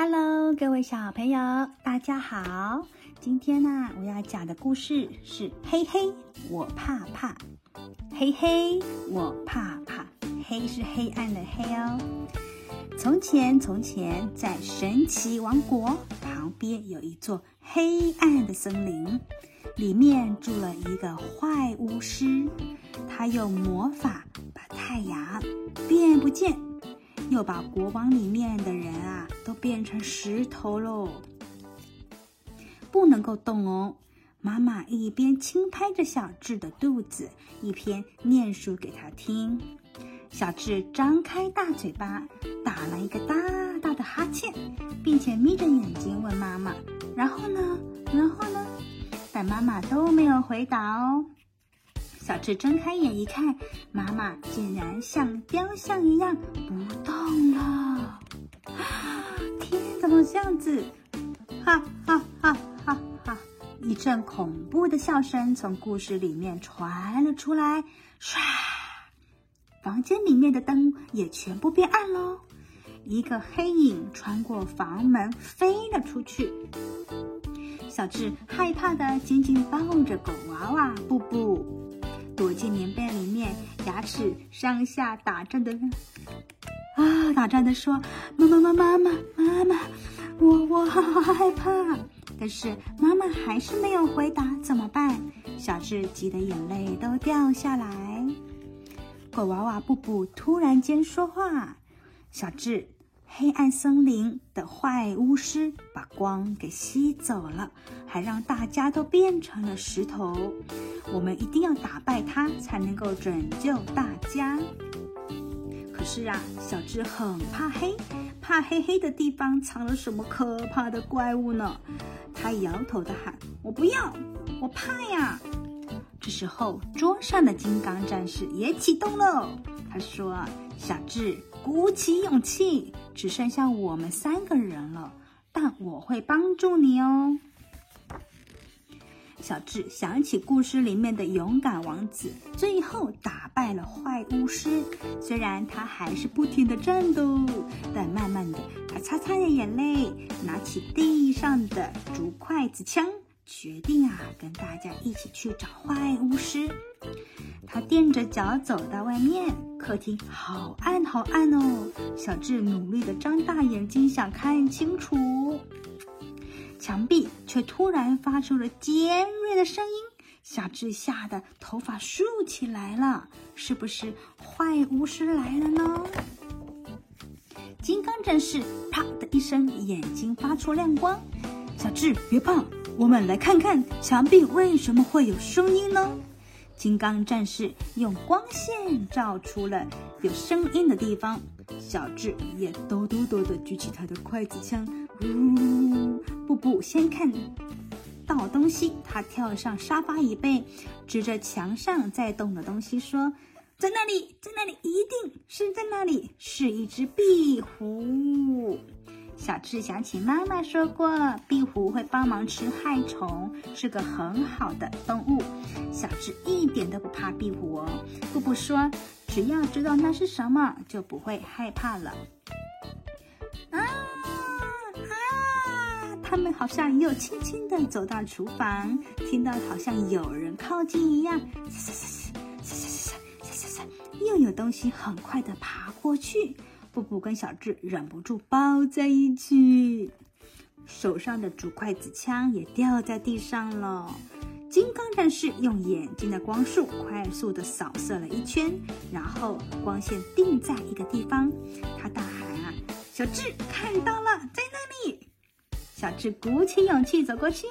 Hello，各位小朋友，大家好。今天呢、啊，我要講的故事是：黑黑，我怕怕，黑黑，我怕怕。黑是黑暗的黑哦。從前，從前，在神奇王國旁邊有一座黑暗的森林，裡面住了一個壞巫師。他用魔法把太陽變不見，又把國王裡面的人啊。都變成石頭嘍，不能夠動哦。媽媽一邊輕拍着小智的肚子，一邊念書給他聽。小智張開大嘴巴，打了一個大大的哈欠，並且眯着眼睛問媽媽：“然後呢？然後呢？”但媽媽都沒有回答哦。小智睜開眼一看，媽媽竟然像雕像一樣不動了。啊。天，怎麼這樣子？哈哈哈哈！哈、啊啊啊，一陣恐怖的笑聲從故事裡面傳了出來。唰，房間裡面的燈也全部變暗了。一個黑影穿過房門飛了出去。小智害怕的緊緊抱着狗娃娃布布，躲進棉被裡面，牙齒上下打顫的。啊！打轉地說：“媽媽媽媽媽媽媽，我我好害怕。”但是媽媽還是沒有回答，怎麼辦？小智急得眼淚都掉下來。狗娃娃布布突然間說話：“小智，黑暗森林的壞巫師把光給吸走了，還讓大家都變成了石頭。我們一定要打敗他，才能夠拯救大家。”是啊，小智很怕黑，怕黑黑的地方藏了什麼可怕的怪物呢？他搖頭地喊：“我不要，我怕呀！”這時候，桌上的金剛戰士也啟動了。他說：“小智，鼓起勇氣，只剩下我們三個人了，但我會幫助你哦。”小智想起故事裡面的勇敢王子，最後打敗了壞巫師。雖然他還是不停的戰鬥，但慢慢的他擦擦眼淚，拿起地上的竹筷子槍，決定啊跟大家一起去找壞巫師。他踮着腳走到外面，客廳好暗好暗哦。小智努力的張大眼睛，想看清楚。牆壁卻突然發出了尖銳的聲音，小智嚇得頭髮豎起來了。是不是壞巫師來了呢？金剛戰士啪的一聲，眼睛發出亮光。小智別怕，我們來看看牆壁為什麼會有聲音呢？金剛戰士用光線照出了有聲音的地方，小智也哆哆哆的舉起他的筷子槍。嗚、哦！布布先看到東西。他跳上沙發椅背，指着牆上在動的東西說：“在那裡，在那裡，一定是在那裡，是一隻壁虎。”小智想起媽媽說過，壁虎會幫忙吃害蟲，是個很好的動物。小智一點都不怕壁虎哦。布布說：“只要知道那是什麼，就不會害怕了。”啊！他們好像又輕輕地走到廚房，聽到好像有人靠近一樣，刷刷刷刷刷刷刷刷刷，又有東西很快地爬過去。布布跟小智忍不住抱在一起，手上的竹筷子槍也掉在地上了。金剛戰士用眼睛的光束快速地掃射了一圈，然後光線定在一個地方，他大喊啊：“小智看到了，在那裡！”小智鼓起勇氣走過去，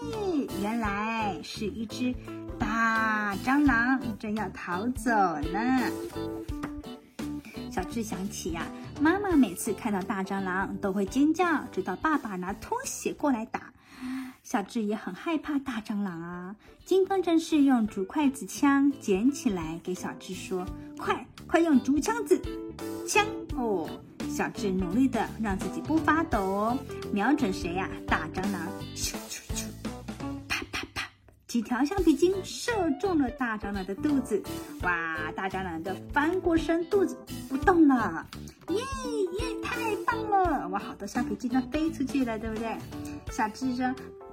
原來是一隻大蟑螂正要逃走呢。小智想起呀、啊，媽媽每次看到大蟑螂都會尖叫，直到爸爸拿拖鞋過來打。小智也很害怕大蟑螂啊。金剛戰士用竹筷子槍撿起來給小智說：“快快用竹槍子槍哦。”小智努力地讓自己不發抖哦，瞄準誰呀、啊？大蟑螂，咻咻咻，啪啪啪，幾條橡皮筋射中了大蟑螂的肚子。哇，大蟑螂的翻過身，肚子不動了。耶耶，太棒了！哇，好多橡皮筋都飛出去了，對不對？小智說：“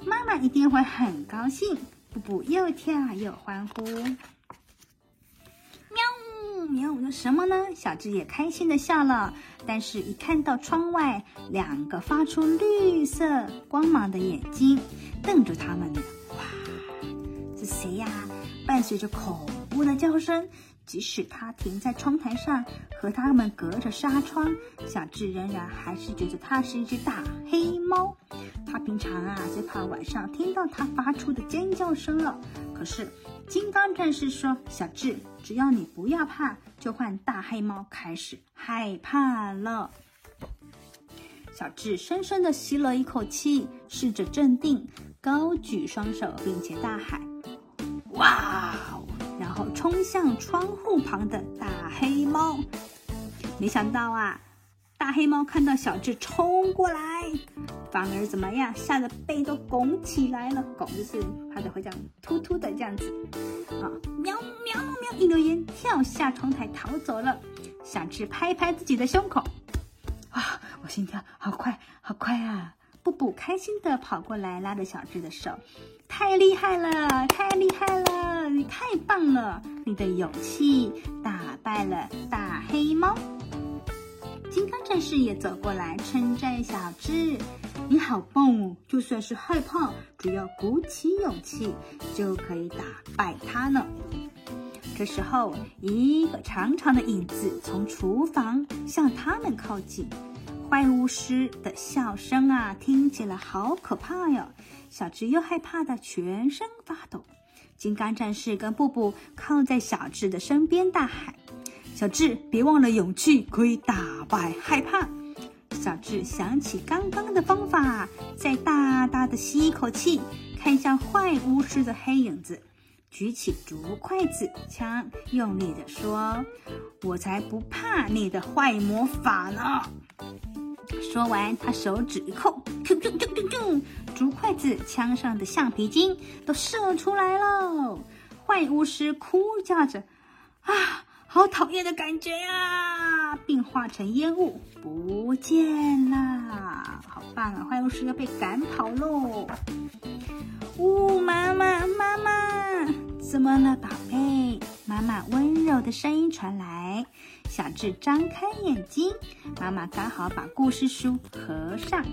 媽媽一定會很高興。”布布又跳又歡呼。什麼呢？小智也開心的笑了，但是，一看到窗外兩個發出綠色光芒的眼睛瞪着他們，哇，這誰呀？伴隨着恐怖的叫聲，即使他停在窗台上和他們隔着紗窗，小智仍然還是覺得它是一隻大黑貓。他、啊、平常啊，最怕晚上聽到它發出的尖叫聲了。可是，金剛戰士說：“小智，只要你不要怕，就換大黑貓開始害怕了。”小智深深地吸了一口氣，試着鎮定，高舉雙手，並且大喊：“哇！”然後衝向窗戶旁的大黑貓。沒想到啊！大黑貓看到小智衝過來，反而怎麼樣？嚇得背都拱起來了，拱就是怕得會這樣突突的這樣子啊！喵喵喵！一溜煙跳下窗台逃走了。小智拍拍自己的胸口，啊，我心跳好快，好快啊！布布開心地跑過來，拉着小智的手，太厲害了，太厲害了，你太棒了！你的勇氣打敗了大黑貓。金剛戰士也走過來稱讚小智：“你好棒哦！就算是害怕，只要鼓起勇氣，就可以打敗他呢。”這時候，一個長長的影子從廚房向他們靠近，壞巫師的笑聲啊，聽起來好可怕喲！小智又害怕的全身發抖。金剛戰士跟布布靠在小智的身邊大喊。小智，別忘了，勇氣可以打敗害怕。小智想起剛剛的方法，再大大的吸一口氣，看向壞巫師的黑影子，舉起竹筷子槍，用力的說：“我才不怕你的壞魔法呢！”說完，他手指一扣，啾啾啾啾啾，竹筷子槍上的橡皮筋都射出來嘍！壞巫師哭叫着：“啊！”好討厭的感覺呀、啊！並化成煙霧，不見了。好棒啊！壞巫師要被趕跑嘍！嗚、哦，媽媽，媽媽，怎麼了，寶貝？媽媽溫柔的聲音傳來。小智張開眼睛，媽媽剛好把故事書合上。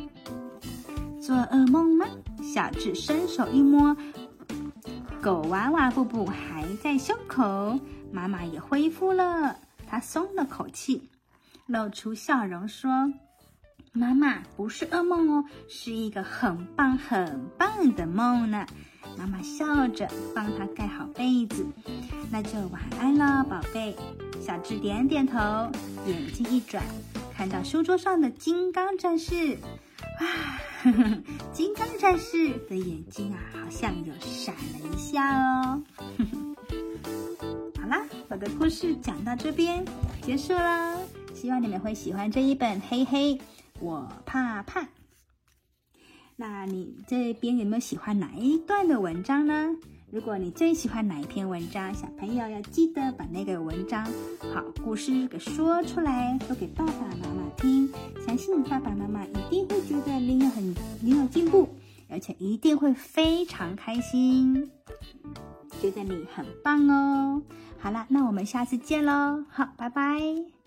做噩夢嗎？小智伸手一摸，狗娃娃布布還在胸口，媽媽也恢復了，她鬆了口氣，露出笑容說：“媽媽不是噩夢哦，是一個很棒很棒的夢呢。”媽媽笑着幫他蓋好被子，那就晚安了，寶貝。小智點點頭，眼睛一轉，看到書桌上的金剛戰士，哇，金剛戰士的眼睛啊，好像又閃了一下哦。我的故事講到這邊結束啦，希望你們會喜歡這一本。黑黑，我怕怕。那你這邊有沒有喜歡哪一段的文章呢？如果你最喜歡哪一篇文章，小朋友要記得把那個文章好故事給說出來，說給爸爸媽媽聽。相信爸爸媽媽一定會覺得你有很你有很進步，而且一定會非常開心。覺得你很棒哦！好啦，那我們下次見嘍。好，拜拜。